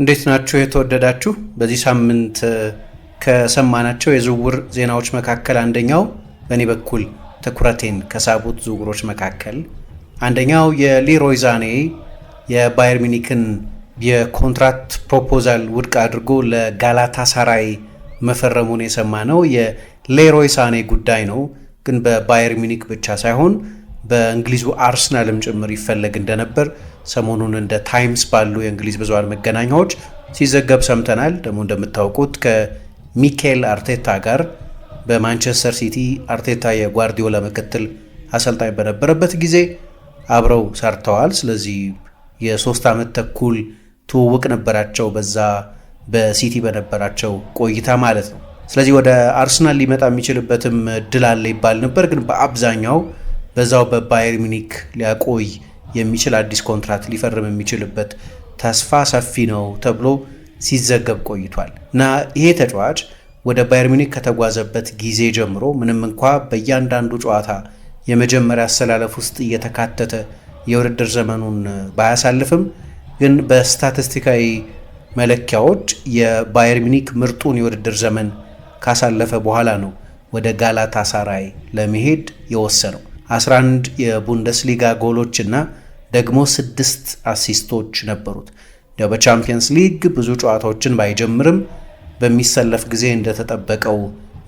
እንዴት ናችሁ የተወደዳችሁ? በዚህ ሳምንት ከሰማናቸው የዝውውር ዜናዎች መካከል አንደኛው በእኔ በኩል ትኩረቴን ከሳቡት ዝውውሮች መካከል አንደኛው የሊሮይ ዛኔ የባየር ሚኒክን የኮንትራክት ፕሮፖዛል ውድቅ አድርጎ ለጋላታ ሳራይ መፈረሙን የሰማ ነው። የሌሮይ ሳኔ ጉዳይ ነው። ግን በባየር ሚኒክ ብቻ ሳይሆን በእንግሊዙ አርሰናልም ጭምር ይፈለግ እንደነበር ሰሞኑን እንደ ታይምስ ባሉ የእንግሊዝ ብዙሃን መገናኛዎች ሲዘገብ ሰምተናል። ደግሞ እንደምታውቁት ከሚኬል አርቴታ ጋር በማንቸስተር ሲቲ አርቴታ የጓርዲዮላ ምክትል አሰልጣኝ በነበረበት ጊዜ አብረው ሰርተዋል። ስለዚህ የሶስት ዓመት ተኩል ትውውቅ ነበራቸው በዛ በሲቲ በነበራቸው ቆይታ ማለት ነው። ስለዚህ ወደ አርሰናል ሊመጣ የሚችልበትም እድል አለ ይባል ነበር፣ ግን በአብዛኛው በዛው በባየር ሚኒክ ሊያቆይ የሚችል አዲስ ኮንትራት ሊፈርም የሚችልበት ተስፋ ሰፊ ነው ተብሎ ሲዘገብ ቆይቷል እና ይሄ ተጫዋች ወደ ባየር ሚኒክ ከተጓዘበት ጊዜ ጀምሮ ምንም እንኳ በእያንዳንዱ ጨዋታ የመጀመሪያ አሰላለፍ ውስጥ እየተካተተ የውድድር ዘመኑን ባያሳልፍም ግን በስታቲስቲካዊ መለኪያዎች የባየር ሚኒክ ምርጡን የውድድር ዘመን ካሳለፈ በኋላ ነው ወደ ጋላታሳራይ ለመሄድ የወሰነው። 11 የቡንደስሊጋ ጎሎች እና ደግሞ ስድስት አሲስቶች ነበሩት። ያው በቻምፒየንስ ሊግ ብዙ ጨዋታዎችን ባይጀምርም በሚሰለፍ ጊዜ እንደተጠበቀው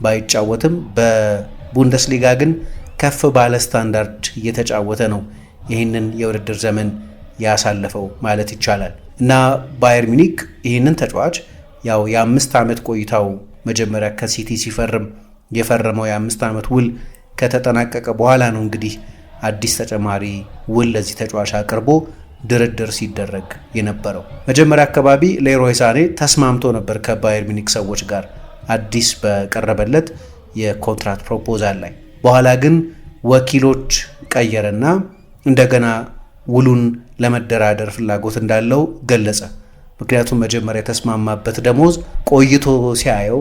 ባይጫወትም በቡንደስሊጋ ግን ከፍ ባለ ስታንዳርድ እየተጫወተ ነው ይህንን የውድድር ዘመን ያሳለፈው ማለት ይቻላል እና ባየር ሚኒክ ይህንን ተጫዋች ያው የአምስት ዓመት ቆይታው መጀመሪያ ከሲቲ ሲፈርም የፈረመው የአምስት ዓመት ውል ከተጠናቀቀ በኋላ ነው እንግዲህ አዲስ ተጨማሪ ውል ለዚህ ተጫዋች አቅርቦ ድርድር ሲደረግ የነበረው። መጀመሪያ አካባቢ ሌሮይ ሳኔ ተስማምቶ ነበር ከባየር ሚኒክ ሰዎች ጋር አዲስ በቀረበለት የኮንትራት ፕሮፖዛል ላይ። በኋላ ግን ወኪሎች ቀየረና እንደገና ውሉን ለመደራደር ፍላጎት እንዳለው ገለጸ። ምክንያቱም መጀመሪያ የተስማማበት ደሞዝ ቆይቶ ሲያየው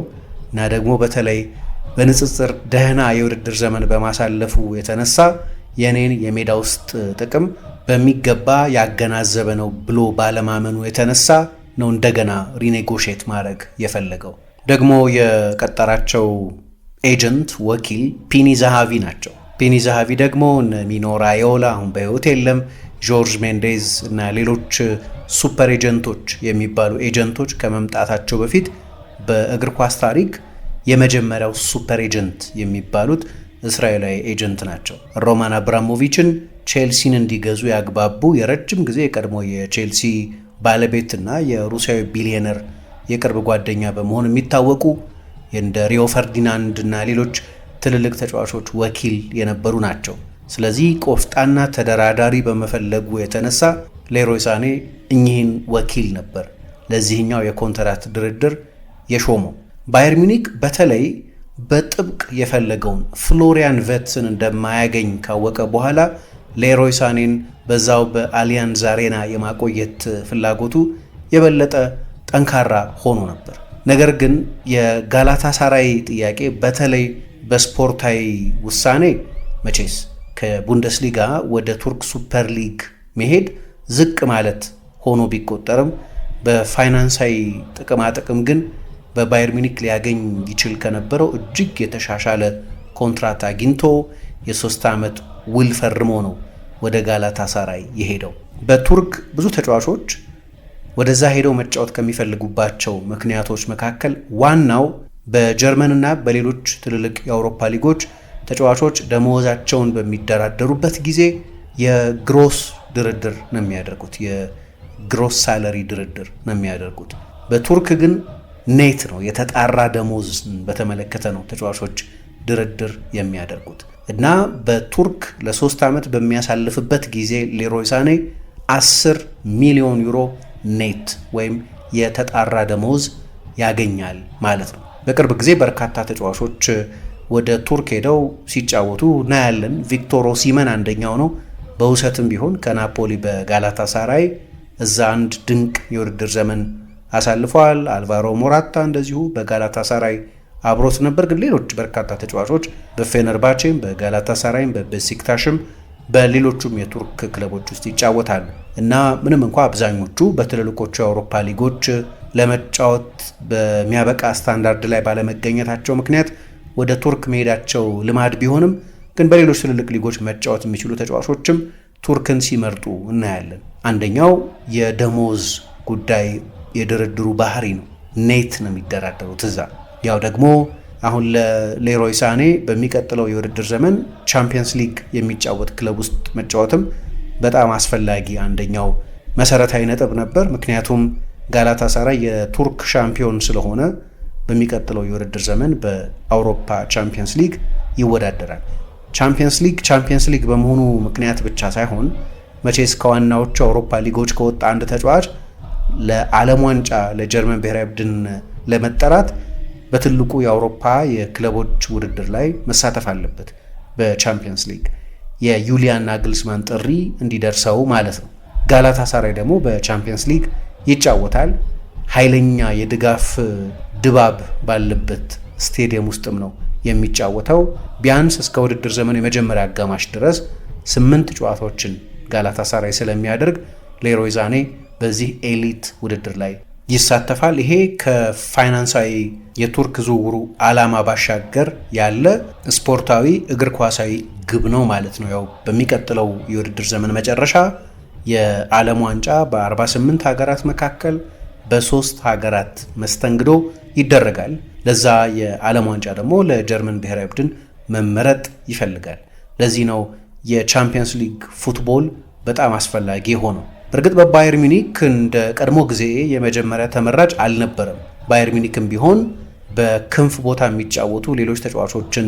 እና ደግሞ በተለይ በንጽጽር ደህና የውድድር ዘመን በማሳለፉ የተነሳ የኔን የሜዳ ውስጥ ጥቅም በሚገባ ያገናዘበ ነው ብሎ ባለማመኑ የተነሳ ነው እንደገና ሪኔጎሽት ማድረግ የፈለገው። ደግሞ የቀጠራቸው ኤጀንት ወኪል ፒኒ ዛሃቪ ናቸው። ፒኒ ዛሃቪ ደግሞ እነ ሚኖ ራዮላ አሁን በህይወት የለም፣ ጆርጅ ሜንዴዝ እና ሌሎች ሱፐር ኤጀንቶች የሚባሉ ኤጀንቶች ከመምጣታቸው በፊት በእግር ኳስ ታሪክ የመጀመሪያው ሱፐር ኤጀንት የሚባሉት እስራኤላዊ ኤጀንት ናቸው። ሮማን አብራሞቪችን ቼልሲን እንዲገዙ ያግባቡ የረጅም ጊዜ የቀድሞ የቼልሲ ባለቤትና የሩሲያዊ ቢሊዮነር የቅርብ ጓደኛ በመሆን የሚታወቁ እንደ ሪዮ ፈርዲናንድ እና ሌሎች ትልልቅ ተጫዋቾች ወኪል የነበሩ ናቸው። ስለዚህ ቆፍጣና ተደራዳሪ በመፈለጉ የተነሳ ሌሮይ ሳኔ እኚህን ወኪል ነበር ለዚህኛው የኮንትራት ድርድር የሾመው። ባየር ሚኒክ በተለይ በጥብቅ የፈለገውን ፍሎሪያን ቨትስን እንደማያገኝ ካወቀ በኋላ ሌሮይ ሳኔን በዛው በአሊያንዝ አሬና የማቆየት ፍላጎቱ የበለጠ ጠንካራ ሆኖ ነበር። ነገር ግን የጋላታ ሳራይ ጥያቄ በተለይ በስፖርታዊ ውሳኔ መቼስ ከቡንደስሊጋ ወደ ቱርክ ሱፐር ሊግ መሄድ ዝቅ ማለት ሆኖ ቢቆጠርም በፋይናንሳዊ ጥቅማጥቅም ግን በባየር ሚኒክ ሊያገኝ ይችል ከነበረው እጅግ የተሻሻለ ኮንትራት አግኝቶ የሶስት ዓመት ውል ፈርሞ ነው ወደ ጋላታ ሳራይ የሄደው። በቱርክ ብዙ ተጫዋቾች ወደዛ ሄደው መጫወት ከሚፈልጉባቸው ምክንያቶች መካከል ዋናው በጀርመንና በሌሎች ትልልቅ የአውሮፓ ሊጎች ተጫዋቾች ደመወዛቸውን በሚደራደሩበት ጊዜ የግሮስ ድርድር ነው የሚያደርጉት። የግሮስ ሳለሪ ድርድር ነው የሚያደርጉት። በቱርክ ግን ኔት ነው የተጣራ ደሞዝን በተመለከተ ነው ተጫዋቾች ድርድር የሚያደርጉት እና በቱርክ ለሶስት ዓመት በሚያሳልፍበት ጊዜ ሌሮይ ሳኔ 10 ሚሊዮን ዩሮ ኔት ወይም የተጣራ ደሞዝ ያገኛል ማለት ነው። በቅርብ ጊዜ በርካታ ተጫዋቾች ወደ ቱርክ ሄደው ሲጫወቱ እናያለን። ቪክቶር ኦሲመን አንደኛው ነው። በውሰትም ቢሆን ከናፖሊ በጋላታ ሳራይ እዛ አንድ ድንቅ የውድድር ዘመን አሳልፈዋል። አልቫሮ ሞራታ እንደዚሁ በጋላታ ሳራይ አብሮት ነበር። ግን ሌሎች በርካታ ተጫዋቾች በፌነርባቼም በጋላታ ሳራይም በበሲክታሽም በሌሎቹም የቱርክ ክለቦች ውስጥ ይጫወታሉ እና ምንም እንኳ አብዛኞቹ በትልልቆቹ የአውሮፓ ሊጎች ለመጫወት በሚያበቃ ስታንዳርድ ላይ ባለመገኘታቸው ምክንያት ወደ ቱርክ መሄዳቸው ልማድ ቢሆንም ግን በሌሎች ትልልቅ ሊጎች መጫወት የሚችሉ ተጫዋቾችም ቱርክን ሲመርጡ እናያለን። አንደኛው የደሞዝ ጉዳይ የድርድሩ ባህሪ ነው። ኔት ነው የሚደራደሩት እዛ። ያው ደግሞ አሁን ለሌሮይ ሳኔ በሚቀጥለው የውድድር ዘመን ቻምፒየንስ ሊግ የሚጫወት ክለብ ውስጥ መጫወትም በጣም አስፈላጊ አንደኛው መሰረታዊ ነጥብ ነበር። ምክንያቱም ጋላታ ሳራ የቱርክ ሻምፒዮን ስለሆነ በሚቀጥለው የውድድር ዘመን በአውሮፓ ቻምፒየንስ ሊግ ይወዳደራል። ቻምፒየንስ ሊግ ቻምፒየንስ ሊግ በመሆኑ ምክንያት ብቻ ሳይሆን መቼስ ከዋናዎቹ አውሮፓ ሊጎች ከወጣ አንድ ተጫዋች ለዓለም ዋንጫ ለጀርመን ብሔራዊ ቡድን ለመጠራት በትልቁ የአውሮፓ የክለቦች ውድድር ላይ መሳተፍ አለበት። በቻምፒየንስ ሊግ የዩሊያን ናግልስማን ጥሪ እንዲደርሰው ማለት ነው። ጋላታ ሳራይ ደግሞ በቻምፒየንስ ሊግ ይጫወታል። ኃይለኛ የድጋፍ ድባብ ባለበት ስቴዲየም ውስጥም ነው የሚጫወተው። ቢያንስ እስከ ውድድር ዘመኑ የመጀመሪያ አጋማሽ ድረስ ስምንት ጨዋታዎችን ጋላታ ሳራይ ስለሚያደርግ ሌሮይ ዛኔ በዚህ ኤሊት ውድድር ላይ ይሳተፋል። ይሄ ከፋይናንሳዊ የቱርክ ዝውውሩ ዓላማ ባሻገር ያለ ስፖርታዊ እግር ኳሳዊ ግብ ነው ማለት ነው። ያው በሚቀጥለው የውድድር ዘመን መጨረሻ የዓለም ዋንጫ በ48 ሀገራት መካከል በሶስት ሀገራት መስተንግዶ ይደረጋል። ለዛ የዓለም ዋንጫ ደግሞ ለጀርመን ብሔራዊ ቡድን መመረጥ ይፈልጋል። ለዚህ ነው የቻምፒየንስ ሊግ ፉትቦል በጣም አስፈላጊ የሆነው። በእርግጥ በባየር ሚኒክ እንደ ቀድሞ ጊዜ የመጀመሪያ ተመራጭ አልነበረም። ባየር ሚኒክም ቢሆን በክንፍ ቦታ የሚጫወቱ ሌሎች ተጫዋቾችን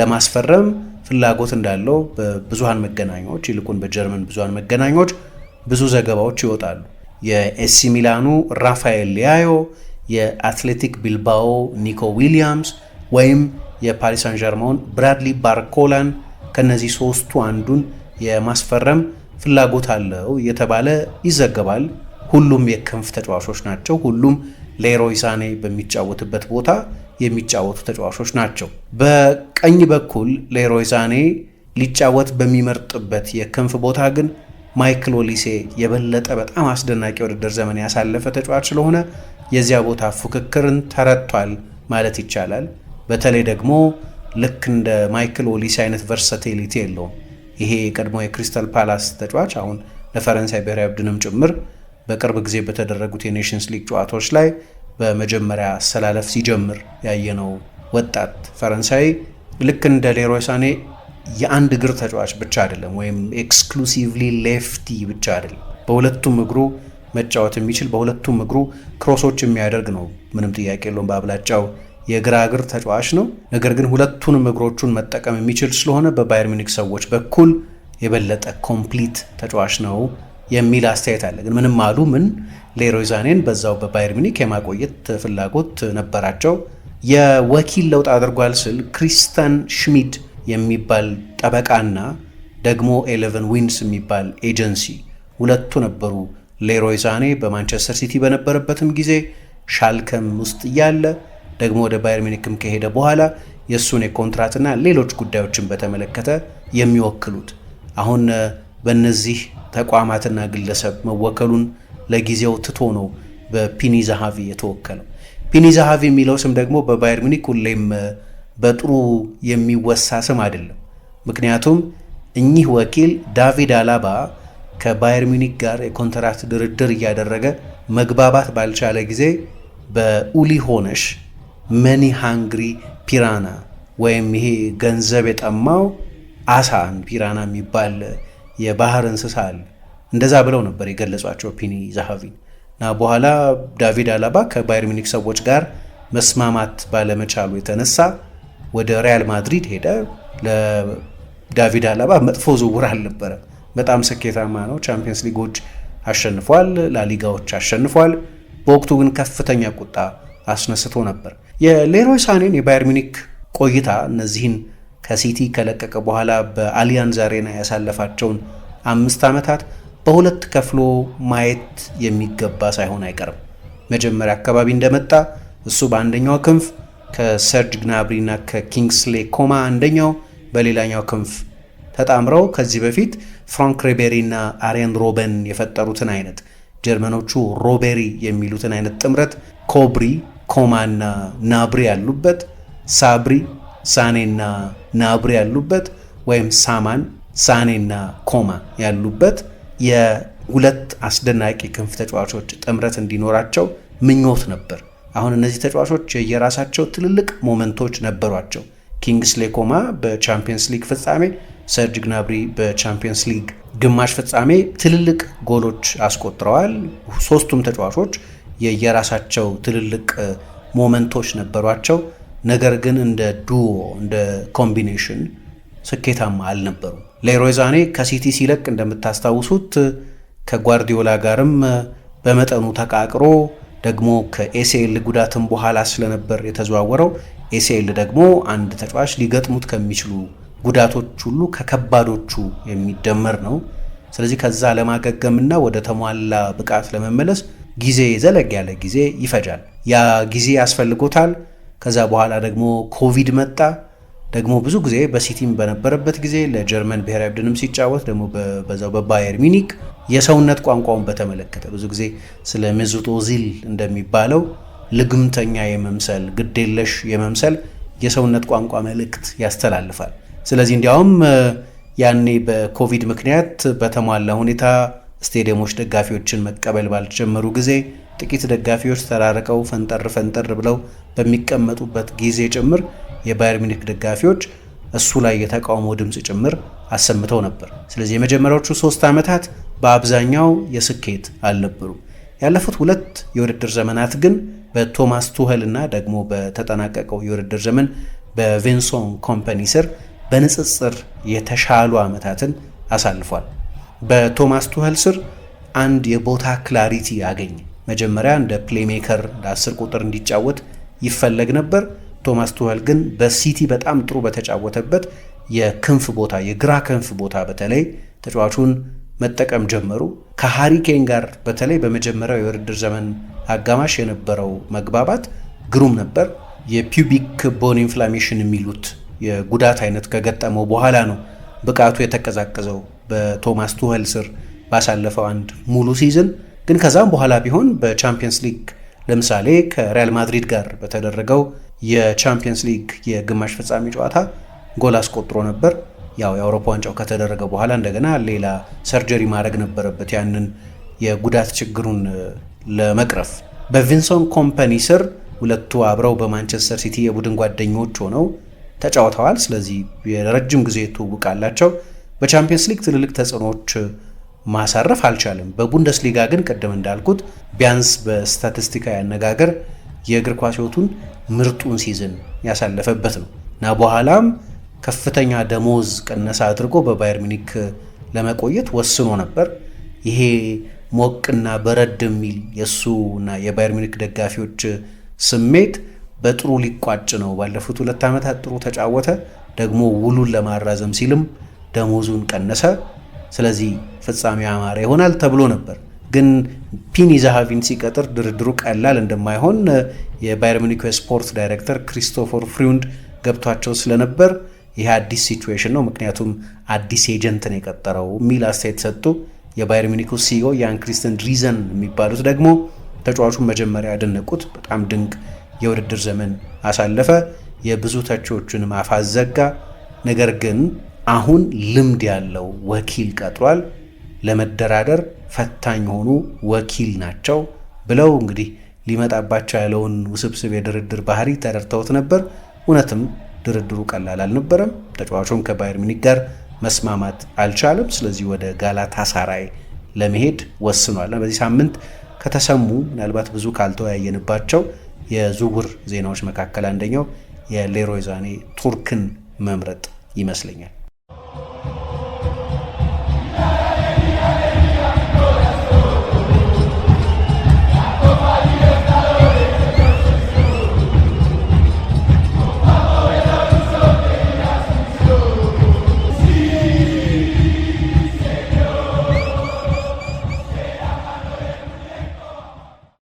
ለማስፈረም ፍላጎት እንዳለው በብዙሃን መገናኛዎች ይልቁን በጀርመን ብዙሃን መገናኛዎች ብዙ ዘገባዎች ይወጣሉ። የኤሲ ሚላኑ ራፋኤል ሊያዮ፣ የአትሌቲክ ቢልባኦ ኒኮ ዊሊያምስ ወይም የፓሪስ ሳን ጀርማውን ብራድሊ ባርኮላን ከነዚህ ሶስቱ አንዱን የማስፈረም ፍላጎት አለው እየተባለ ይዘገባል። ሁሉም የክንፍ ተጫዋቾች ናቸው። ሁሉም ሌሮይ ሳኔ በሚጫወትበት ቦታ የሚጫወቱ ተጫዋቾች ናቸው። በቀኝ በኩል ሌሮይ ሳኔ ሊጫወት በሚመርጥበት የክንፍ ቦታ ግን ማይክል ኦሊሴ የበለጠ በጣም አስደናቂ ውድድር ዘመን ያሳለፈ ተጫዋች ስለሆነ የዚያ ቦታ ፉክክርን ተረቷል ማለት ይቻላል። በተለይ ደግሞ ልክ እንደ ማይክል ኦሊሴ አይነት ቨርሳቲሊቲ የለውም። ይሄ የቀድሞ የክሪስታል ፓላስ ተጫዋች አሁን ለፈረንሳይ ብሔራዊ ቡድንም ጭምር በቅርብ ጊዜ በተደረጉት የኔሽንስ ሊግ ጨዋታዎች ላይ በመጀመሪያ አሰላለፍ ሲጀምር ያየነው ወጣት ፈረንሳይ ልክ እንደ ሌሮይ ሳኔ የአንድ እግር ተጫዋች ብቻ አይደለም፣ ወይም ኤክስክሉሲቭሊ ሌፍቲ ብቻ አይደለም። በሁለቱም እግሩ መጫወት የሚችል በሁለቱም እግሩ ክሮሶች የሚያደርግ ነው። ምንም ጥያቄ የለውም። በአብላጫው የግራ እግር ተጫዋች ነው። ነገር ግን ሁለቱንም እግሮቹን መጠቀም የሚችል ስለሆነ በባየር ሚኒክ ሰዎች በኩል የበለጠ ኮምፕሊት ተጫዋች ነው የሚል አስተያየት አለ። ግን ምንም አሉ ምን ሌሮይ ዛኔን በዛው በባየር ሚኒክ የማቆየት ፍላጎት ነበራቸው። የወኪል ለውጥ አድርጓል ስል ክሪስታን ሽሚድ የሚባል ጠበቃና ደግሞ ኤሌቨን ዊንስ የሚባል ኤጀንሲ ሁለቱ ነበሩ። ሌሮይ ዛኔ በማንቸስተር ሲቲ በነበረበትም ጊዜ ሻልከም ውስጥ እያለ ደግሞ ወደ ባየር ሚኒክም ከሄደ በኋላ የእሱን የኮንትራትና ሌሎች ጉዳዮችን በተመለከተ የሚወክሉት አሁን በእነዚህ ተቋማትና ግለሰብ መወከሉን ለጊዜው ትቶ ነው በፒኒ ዛሃቪ የተወከለው። ፒኒ ዛሃቪ የሚለው ስም ደግሞ በባየር ሚኒክ ሁሌም በጥሩ የሚወሳ ስም አይደለም። ምክንያቱም እኚህ ወኪል ዳቪድ አላባ ከባየር ሚኒክ ጋር የኮንትራት ድርድር እያደረገ መግባባት ባልቻለ ጊዜ በኡሊ ሆነሽ መኒ ሃንግሪ ፒራና ወይም ይሄ ገንዘብ የጠማው አሳ ፒራና የሚባል የባህር እንስሳ አለ። እንደዛ ብለው ነበር የገለጿቸው ፒኒ ዛሃቪን እና በኋላ ዳቪድ አላባ ከባየር ሚኒክ ሰዎች ጋር መስማማት ባለመቻሉ የተነሳ ወደ ሪያል ማድሪድ ሄደ። ለዳቪድ አላባ መጥፎ ዝውውር አልነበረ። በጣም ስኬታማ ነው። ቻምፒየንስ ሊጎች አሸንፏል፣ ላሊጋዎች አሸንፏል። በወቅቱ ግን ከፍተኛ ቁጣ አስነስቶ ነበር። የሌሮይ ሳኔን የባየር ሚኒክ ቆይታ እነዚህን ከሲቲ ከለቀቀ በኋላ በአሊያንዝ አሬና ያሳለፋቸውን አምስት ዓመታት በሁለት ከፍሎ ማየት የሚገባ ሳይሆን አይቀርም። መጀመሪያ አካባቢ እንደመጣ እሱ በአንደኛው ክንፍ ከሰርጅ ግናብሪ እና ከኪንግስሌ ኮማ አንደኛው በሌላኛው ክንፍ ተጣምረው ከዚህ በፊት ፍራንክ ሬቤሪ እና አሪያን ሮበን የፈጠሩትን አይነት ጀርመኖቹ ሮቤሪ የሚሉትን አይነት ጥምረት ኮብሪ ኮማና ናብሪ ያሉበት፣ ሳብሪ ሳኔና ናብሪ ያሉበት ወይም ሳማን ሳኔና ኮማ ያሉበት የሁለት አስደናቂ ክንፍ ተጫዋቾች ጥምረት እንዲኖራቸው ምኞት ነበር። አሁን እነዚህ ተጫዋቾች የየራሳቸው ትልልቅ ሞመንቶች ነበሯቸው። ኪንግስሌ ኮማ በቻምፒየንስ ሊግ ፍጻሜ፣ ሰርጅ ግናብሪ በቻምፒየንስ ሊግ ግማሽ ፍጻሜ ትልልቅ ጎሎች አስቆጥረዋል። ሶስቱም ተጫዋቾች የየራሳቸው ትልልቅ ሞመንቶች ነበሯቸው። ነገር ግን እንደ ዱዎ እንደ ኮምቢኔሽን ስኬታማ አልነበሩም። ሌሮይ ዛኔ ከሲቲ ሲለቅ እንደምታስታውሱት ከጓርዲዮላ ጋርም በመጠኑ ተቃቅሮ ደግሞ ከኤሲኤል ጉዳትም በኋላ ስለነበር የተዘዋወረው። ኤሲኤል ደግሞ አንድ ተጫዋች ሊገጥሙት ከሚችሉ ጉዳቶች ሁሉ ከከባዶቹ የሚደመር ነው። ስለዚህ ከዛ ለማገገምና ወደ ተሟላ ብቃት ለመመለስ ጊዜ ዘለግ ያለ ጊዜ ይፈጃል። ያ ጊዜ ያስፈልጎታል። ከዛ በኋላ ደግሞ ኮቪድ መጣ። ደግሞ ብዙ ጊዜ በሲቲም በነበረበት ጊዜ ለጀርመን ብሔራዊ ቡድንም ሲጫወት ደግሞ በዛው በባየር ሚኒክ የሰውነት ቋንቋውን በተመለከተ ብዙ ጊዜ ስለ ሜሱት ኦዚል እንደሚባለው ልግምተኛ የመምሰል ግዴለሽ የመምሰል የሰውነት ቋንቋ መልእክት ያስተላልፋል። ስለዚህ እንዲያውም ያኔ በኮቪድ ምክንያት በተሟላ ሁኔታ ስቴዲየሞች ደጋፊዎችን መቀበል ባልጀመሩ ጊዜ ጥቂት ደጋፊዎች ተራርቀው ፈንጠር ፈንጠር ብለው በሚቀመጡበት ጊዜ ጭምር የባየር ሚኒክ ደጋፊዎች እሱ ላይ የተቃውሞ ድምፅ ጭምር አሰምተው ነበር። ስለዚህ የመጀመሪያዎቹ ሶስት ዓመታት በአብዛኛው የስኬት አልነበሩም። ያለፉት ሁለት የውድድር ዘመናት ግን በቶማስ ቱኸል እና ደግሞ በተጠናቀቀው የውድድር ዘመን በቬንሶን ኮምፐኒ ስር በንጽጽር የተሻሉ ዓመታትን አሳልፏል። በቶማስ ቱኸል ስር አንድ የቦታ ክላሪቲ አገኘ። መጀመሪያ እንደ ፕሌሜከር እንደ አስር ቁጥር እንዲጫወት ይፈለግ ነበር። ቶማስ ቱኸል ግን በሲቲ በጣም ጥሩ በተጫወተበት የክንፍ ቦታ የግራ ክንፍ ቦታ በተለይ ተጫዋቹን መጠቀም ጀመሩ። ከሃሪኬን ጋር በተለይ በመጀመሪያው የውድድር ዘመን አጋማሽ የነበረው መግባባት ግሩም ነበር። የፒቢክ ቦን ኢንፍላሜሽን የሚሉት የጉዳት አይነት ከገጠመው በኋላ ነው ብቃቱ የተቀዛቀዘው። በቶማስ ቱኸል ስር ባሳለፈው አንድ ሙሉ ሲዝን ግን ከዛም በኋላ ቢሆን በቻምፒየንስ ሊግ ለምሳሌ ከሪያል ማድሪድ ጋር በተደረገው የቻምፒየንስ ሊግ የግማሽ ፍጻሜ ጨዋታ ጎል አስቆጥሮ ነበር። ያው የአውሮፓ ዋንጫው ከተደረገ በኋላ እንደገና ሌላ ሰርጀሪ ማድረግ ነበረበት ያንን የጉዳት ችግሩን ለመቅረፍ። በቪንሶን ኮምፓኒ ስር ሁለቱ አብረው በማንቸስተር ሲቲ የቡድን ጓደኞች ሆነው ተጫውተዋል። ስለዚህ የረጅም ጊዜ ትውውቅ አላቸው። በቻምፒየንስ ሊግ ትልልቅ ተጽዕኖዎች ማሳረፍ አልቻለም። በቡንደስሊጋ ግን ቅድም እንዳልኩት ቢያንስ በስታቲስቲካዊ አነጋገር የእግር ኳስ ህይወቱን ምርጡን ሲዝን ያሳለፈበት ነው እና በኋላም ከፍተኛ ደሞዝ ቅነሳ አድርጎ በባየር ሚኒክ ለመቆየት ወስኖ ነበር። ይሄ ሞቅና በረድ የሚል የእሱ እና የባየር ሚኒክ ደጋፊዎች ስሜት በጥሩ ሊቋጭ ነው። ባለፉት ሁለት ዓመታት ጥሩ ተጫወተ፣ ደግሞ ውሉን ለማራዘም ሲልም ደሞዙን ቀነሰ። ስለዚህ ፍጻሜ ያማረ ይሆናል ተብሎ ነበር። ግን ፒኒ ዛሃቪን ሲቀጥር ድርድሩ ቀላል እንደማይሆን የባየር ሙኒክ የስፖርት ዳይሬክተር ክሪስቶፈር ፍሪውንድ ገብቷቸው ስለነበር ይህ አዲስ ሲቹዌሽን ነው፣ ምክንያቱም አዲስ ኤጀንት ነው የቀጠረው የሚል አስተያየት ሰጡ። የባየር ሙኒኩ ሲኦ ያን ክሪስተን ሪዘን የሚባሉት ደግሞ ተጫዋቹን መጀመሪያ ያደነቁት በጣም ድንቅ የውድድር ዘመን አሳለፈ፣ የብዙ ተቺዎቹንም አፋዘጋ ነገር ግን አሁን ልምድ ያለው ወኪል ቀጥሯል። ለመደራደር ፈታኝ የሆኑ ወኪል ናቸው ብለው እንግዲህ ሊመጣባቸው ያለውን ውስብስብ የድርድር ባህሪ ተረድተውት ነበር። እውነትም ድርድሩ ቀላል አልነበረም። ተጫዋቹም ከባየር ሚኒክ ጋር መስማማት አልቻለም። ስለዚህ ወደ ጋላታሳራይ ለመሄድ ወስኗል። በዚህ ሳምንት ከተሰሙ ምናልባት ብዙ ካልተወያየንባቸው የዝውውር ዜናዎች መካከል አንደኛው የሌሮይ ቱርክን መምረጥ ይመስለኛል።